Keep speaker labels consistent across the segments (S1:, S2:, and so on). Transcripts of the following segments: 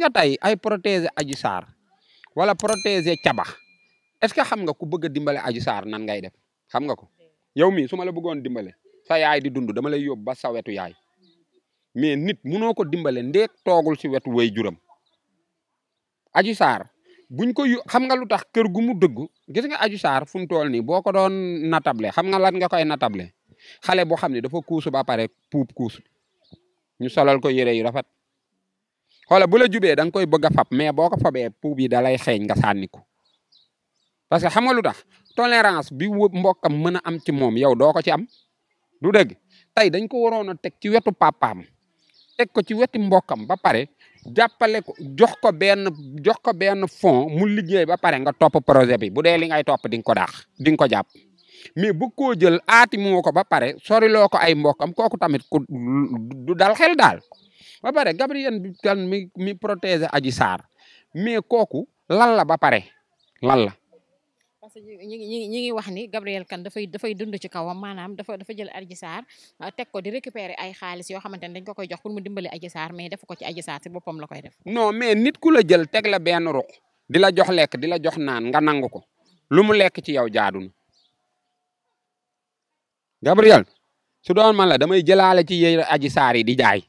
S1: nga tey ay protéger Adji Sarr wala protéger cabax est-ce que xam nga ku bëgg dimbale Adji Sarr nan ngay def xam nga ko yow mi su ma la bëggoon dimbale sa yaay di dund dama lay yóbbu ba sa wetu yaay mais nit munoo ko dimbale ndeeg toogul si wetu way juram Adji Sarr buñ ko xam nga lu tax kër gu mu dëgg gis nga Adji Sarr fu mu toll nii boo ko doon natable xam nga lan nga koy natable xale boo xam ne dafa kuusu ba pare puub kuusu ñu solal ko yére yu rafet wala bu la jubee da nga koy bëgg a fab mais boo ko fabee pou yi dalay lay xeeñ nga sànni ko parce que xam nga lu tax tolérance bi mbokkam mën a am ci moom yow doo ko ci am du dëgg tey dañ ko waroon a teg ci wetu papam teg ko ci wetu mbokkam ba pare jàppale ko jox ko benn jox ko benn fond mu liggéey ba pare nga topp projet bi bu dee li ngay topp di nga ko daax di ko jàpp mais bu koo jël aati moo ko ba pare soriloo ko ay mbokkam kooku tamit ku du dal xel daal ba pare Gabriel Kane mi mi protéger Adji Sarr mais kooku lan la ba pare lan la.
S2: parce que ñu ngi ñu ngi wax ni Gabriel kan dafay dafay dund ci kawam maanaam dafa dafa jël Adji Sarr ah, teg ko di récupérer ay xaalis yoo xamante ne dañ ko koy jox pour mu dimbali Adji Sarr mais def ko ci Adji Sarr si boppam la koy def.
S1: non mais nit ku la jël teg la benn ruq di la jox lekk di la jox naan nga nangu ko lu mu lekk ci yow jaaduna Gabriel su doon man la damay jëlaale ci yéen Adji Sarr yi di jaay.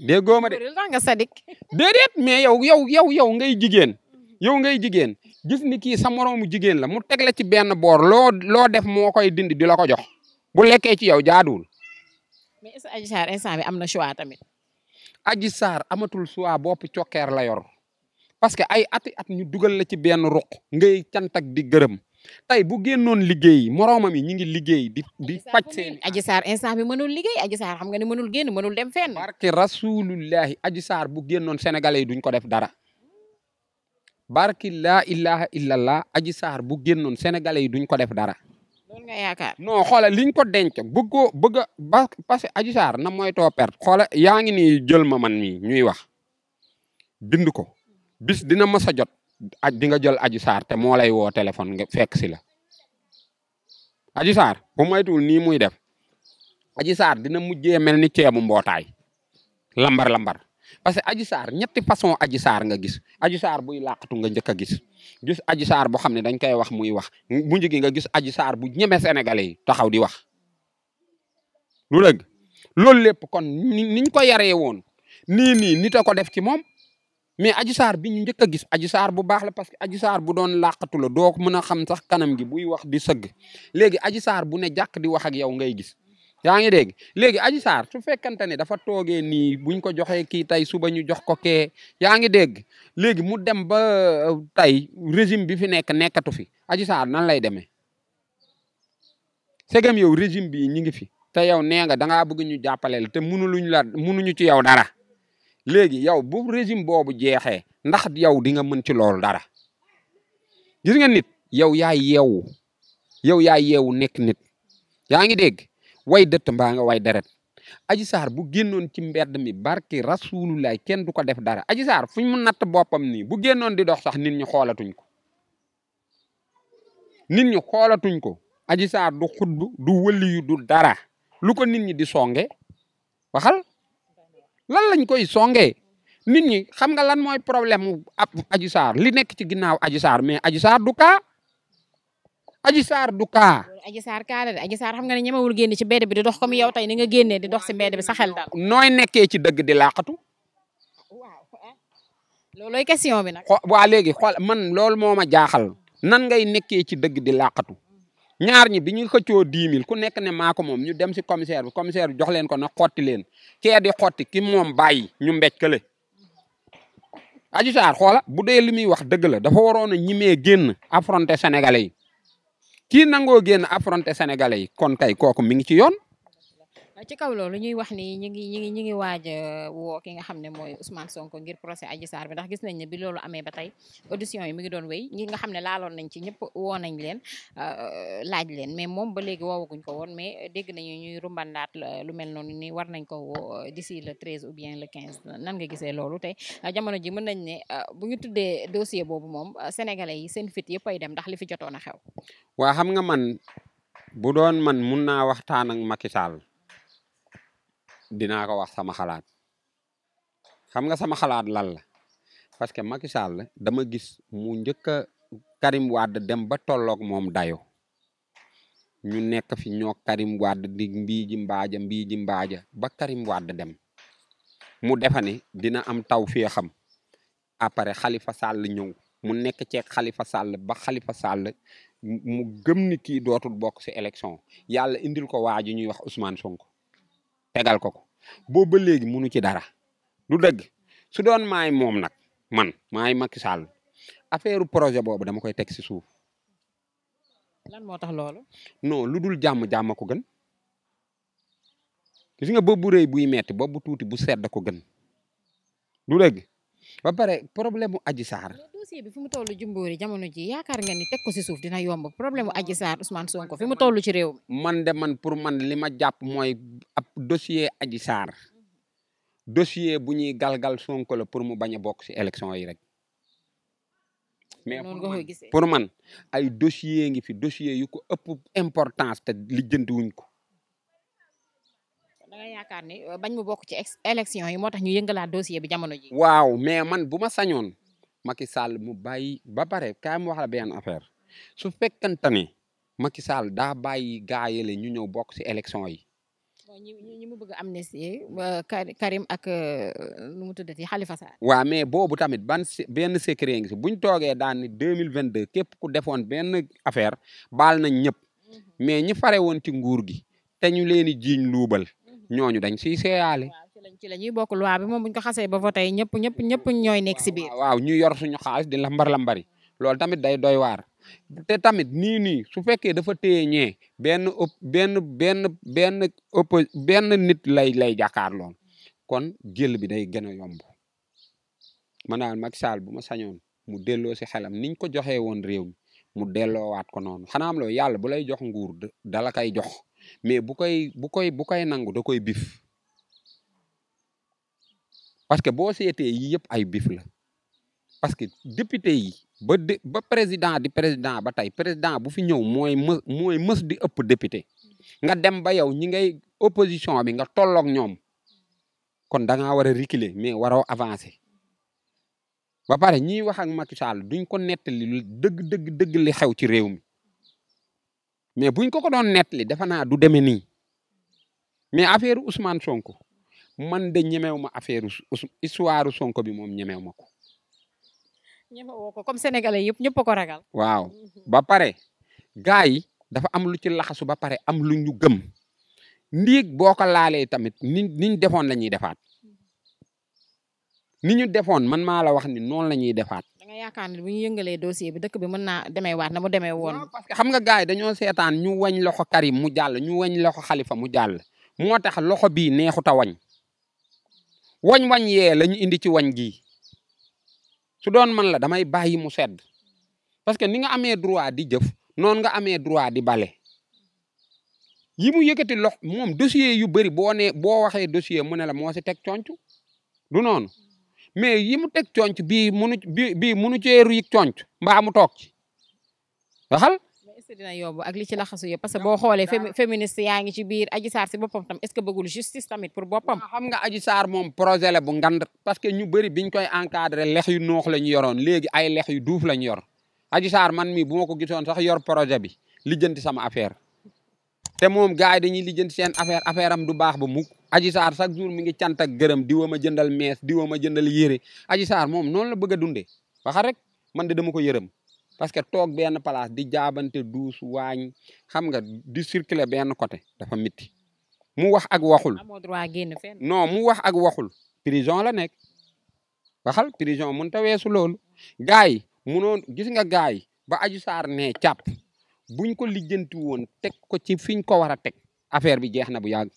S1: déggoo ma de. nga sadik. déedéet mais yow yow yow yow ngay jigéen. yow ngay jigéen gis ni kii sa moroomu jigéen la mu teg la ci benn boor loo loo def moo koy dindi di la ko jox bu lekkee ci yow jaaduwul. mais est-ce que Adji Sarr instant bi am na choix tamit. Adji amatul choix bopp cokkeer la yor parce que ay ati at ñu dugal la ci benn ruq ngay cant ak di gërëm. tey bu génnoon liggéey moroomam yi ñu ngi liggéey di di
S2: faj seen Adji Sarr instant bi mënul liggéey Adji xam nga ni mënul génn mënul dem fenn barke
S1: rasulullahi Adji Sarr bu génnoon sénégalais duñ ko def dara barki laa ilaha illallah Adji bu génnoon sénégalais yi duñ ko def dara loolu nga yaakaar non xoolal liñ ko denc bëggoo bëgg a ba parce que Adji Sarr na mooy too xoole yaa ngi ni jël ma man mii ñuy wax bind ko bis dina mas a jot aj di nga jël aji saar te moo lay woo téléphone nga fekk si la aji saar bu nii muy def aji saar dina mujjee mel ni ceebu mbootaay lambar lambar parce que aji saar ñetti façon aji saar nga gis aji saar buy làqatu nga njëkk a gis gis aji saar boo xam ne dañ koy wax muy wax bu njëgi nga gis aji saar bu ñeme sénégalais yi taxaw di wax lu dëgg loolu lépp kon niñ ko yaree woon nii nii nit def ci moom mais Adji Sarr bi ñu njëkk gis Adji Sarr bu baax la parce que Adji Sarr bu doon làqatu la doo mën a xam sax kanam gi buy wax di sëgg léegi Adji Sarr bu ne jàkk di wax ak yow ngay gis yaa ngi dégg léegi Adji Sarr su fekkante ne dafa toogee nii buñ ko joxee kii tey suba ñu jox ko ke yaa ngi dégg léegi mu dem ba euh, tey régime bi fi nekk nekkatu fi Adji Sarr nan lay demee segam yow régime bi ñi ngi fi te yow nee nga dangaa bëgg ñu jàppale la te mënuluñ la mënuñu ci yow dara léegi yow bu régime boobu jeexee ndax yow di nga mën ci loolu dara gis nga nit yow yaa yeewu yow yaa yeewu nekk nit yaa ngi dégg way dëtt mbaa nga way deret aji saar bu génnoon ci mbedd mi barki rasulullah kenn du ko def dara aji saar fuñ mu natt boppam nii bu génnoon di dox sax nit ñi xoolatuñ ko nit ñi xoolatuñ ko aji saar du xutb du wëliyu du dara lu ko nit ñi di songe waxal lan lañ koy songee nit ñi xam nga lan mooy problème mu ab Adji Sarr li nekk ci ginnaaw Adji Sarr mais Adji Sarr du kaa Adji Sarr du kaa.
S2: Adji Sarr kaa la de Adji Sarr xam nga ne ñemewul génn ci mbedd bi di dox comme yow tey ni nga génnee di dox si mbedd bi sa xel dal.
S1: nooy nekkee ci dëgg di laaxatu. Ah. loolooy question bi nag. waa léegi xool man loolu moo ma jaaxal nan ngay nekkee ci dëgg di laaxatu. ñaar ñi bi ñu xëccoo dix mille ku nekk ne maa ko moom ñu demsi si commissaire bi commissaire bi jox leen ko na xotti leen kee di xotti ki moom bàyyi ñu mbéj kële. Adji Sarr xoola bu dee li muy wax dëgg la dafa waroon a ñimee génn affronter sénégalais yi kii nangoo génn affronter sénégalais yi kon kay kooku mi ngi ci yoon.
S2: ci kaw loolu ñuy wax ni ñu ngi ñu ngi ñu ngi waaj woo ki nga xam ne mooy Ousmane Sonko ngir procès Adji saar bi ndax gis nañ ne bi loolu amee ba tey audition yi mi ngi doon wéy ñi nga xam ne laaloon nañ ci ñëpp woo nañ leen euh, laaj leen mais moom ba léegi woowaguñ ko woon mais dégg nañu ñuy rumbandaat lu mel noon ni war nañ ko woo d'ici le 13 ou bien le 15 nan nga gisee loolu tey euh, jamono ji mën nañ ne euh, bu ñu tuddee dossier boobu moom sénégalais yi seen fit yëpp ay dem ndax li fi jotoon a xew.
S1: waa xam nga man doon man mun naa waxtaan ak Macky Sall dinaa ko wax sama xalaat xam nga sama xalaat lan la parce que Macky Sall dama gis mu njëkk a Karim Wade dem ba tollook moom dayo ñu nekk fi ñoo Karim Wade di mbii ji mbaaja mbii mbaaja ba Karim Wade dem mu defa ne dina am taw fee xam après xalifa Sall ñëw mu nekk ceeg xalifa Sall ba Khalifa Sall mu gëm ni kii dootul bokk ci élection yàlla indil ko waa ji ñuy wax Ousmane Sonko tegal ko ko boobu ba léegi munu ci dara du dëgg su doon maay moom nag man maay Macky Sall affaire projet boobu dama koy teg si suuf.
S2: lan moo tax loolu.
S1: non lu dul jàmm jàmm ko gën gis nga bopp bu rëy buy metti bopp bu tuuti bu sedd ko gën du dëgg ba pare problème mu Adji Sarr.
S2: dossier bi fi mu toll ji yaakaar nga ni teg ko si suuf dina yomb problème mu Adji Sarr Ousmane Sonko fi mu
S1: toll ci réew man de man pour man li jàpp mooy dossier Adji Sarr dossier bu ñuy galgal Sonko la pour mu bañ a bokk ci élection yi rek mais pour man ay dossier ngi fi dossier yu ko ëpp importance te lijjanti ko
S2: da yaakaar ni euh, bañ mu bokk ci élection yi moo tax ñu yëngalaat dossier bi jamono ji
S1: waaw mais man bu ma sañoon Macky Sall mu bàyyi ba pare kaay mu wax la benn affaire su fekkante ne Macky Sall daa bàyyi gaayale ñu ñëw bokk ci élection yi
S2: ñi mu bëgg amnistie Karim ak euh, nu mu tuddati Khalifa Sall.
S1: waa mais boobu tamit ban benn secret ngi si buñ toogee daan ni deux mille vingt deux képp ku defoon benn affaire baal nañ ñëpp mm-hmm. mais ñi fare woon ci nguur gi te ñu leen di jiiñ luubal mm-hmm. ñooñu dañ siy seeyaale.
S2: ci la ñuy bokk loi bi moom buñ ko xasee ba voté ñëpp ñëpp ñëpp ñooy nekk si biir.
S1: waaw ñu yor suñu xaalis di lambar lambari mm-hmm. loolu tamit day doy waar. te tamit nii nii su fekkee dafa téye ñee benn ëpp benn benn benn ëpp benn nit lay lay jàkkaarloon kon jël bi day gën a yomb ma naan Macky Sall bu ma sañoon mu delloo si xelam niñ ko joxe woon réew mi mu delloowaat ko noonu xanaam loo yàlla bu lay jox nguur dala kay jox mais bu koy bu koy bu koy nangu da koy bif parce que boo seetee yi yëpp ay bif la parce que député yi ba ba président di président ba tey président bu fi ñëw mooy mës mooy mës di ëpp député nga dem ba yow ñi ngay opposition bi nga tolloog ñoom kon danga ngaa war a reculer mais waroo avancer ba pare ñiy wax ak Macky Sall duñ ko nettali lu dëgg dëgg li xew ci réew mi mais buñ ko ko doon nettali defe naa du demee nii mais affaire Ousmane Sonko man de ñemew ma affaire histoire Sonko bi moom ñemew ma ko.
S2: ñeme woo ko comme sénégalais yëpp ñëpp ko ragal.
S1: waaw mhm. ba pare gars yi dafa am lu ci laxasu ba pare am lu ñu gëm ndiig boo ko laalee tamit ni niñ defoon la ñuy defaat ni ñu defoon man maa la wax ni noonu la ñuy defaat. da
S2: yaakaar ne bu ñu yëngalee dossier bi dëkk bi mën na demee waat na mu demee woon. parce
S1: que xam nga gars yi dañoo seetaan ñu wañ loxo kari mu jàll ñu wañ loxo Khalifa mu jàll moo tax loxo bii neexut a wañ wañ wañ yee lañu indi ci wañ gii. su doon man la damay bàyyi mu sedd parce que ni nga amee droit di jëf noonu nga amee droit di bale yi mu yëkkati lox moom dossier yu bëri boo nee boo waxee dossier mu ne la moo si teg conc du noonu mais yi mu teg conc bii munu bii munu cee ruy conc mbaa mu toog ci
S2: si dina yomb ak li ci laxasu yëpp parce que boo xoolee féministe yaa ngi ci biir Adji Sarr si boppam tam est-ce que justice tamit pour boppam
S1: moom projet la bu ngand parce que ñu bëri biñ koy encadré lex yu noox la ñu yoroon léegi ay lex yu duuf la ñu yor Adji saar man mii bu ma ko gisoon sax yor projet bi lijjanti sama affaire te moom gars yi dañuy lijjanti seen affaire affaire am du baax ba mukk Adji Sarr chaque jour mi ngi cant ak gërëm di wama jëndal mees di wama jëndal yére Adji saar moom noonu la bëgg a dundee waxa man de dama ko yërëm parce que toog benn place di jaabante duus waañ xam nga di circuler benn côté dafa mitti mu wax ak waxul.
S2: amoo génn fenn.
S1: mu wax ak waxul. prison la nekk waxal prison mun ta weesu loolu gars yi munoon gis nga gars yi ba aju saar ne càpp buñ ko lijjanti woon teg ko ci fiñ ko war a teg affaire bi jeex na bu yàgg.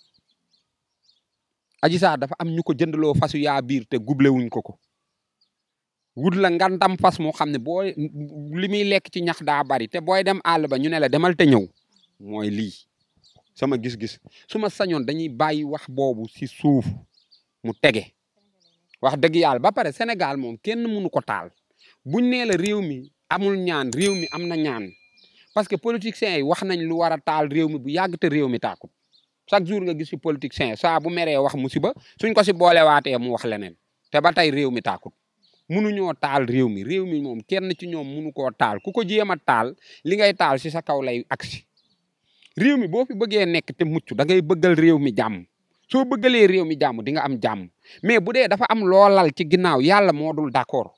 S1: aji saar dafa am ñu ko jëndaloo fasu yaa biir te guble wuñ ko ko wut la nga ndam fas moo xam ne boo li muy lekk ci ñax daa bari te booy dem àll ba ñu ne la demal te ñëw mooy lii sama gis-gis su ma sañoon dañuy bàyyi wax boobu si suuf mu tege wax dëgg yàlla ba pare Sénégal moom kenn mënu ko taal buñ nee la réew mi amul ñaan réew mi am na ñaan parce que politiciens yi wax nañ lu war a taal réew mi bu yàgg te réew mi tàkkut chaque jour nga gis si politiciens saa bu meree wax musiba suñ ko si boolewaatee mu wax leneen te ba tey réew mi tàkkut munuñoo taal réew mi réew mi moom kenn ci ñoom munu koo taal ku ko jéem a taal li ngay taal si sa kaw lay agsi réew mi boo fi bëggee nekk te mucc da ngay bëggal réew mi jàmm soo bëggalee réew mi jàmm di nga am jàmm mais bu dee dafa am loolal ci ginnaaw yàlla moo dul d'accord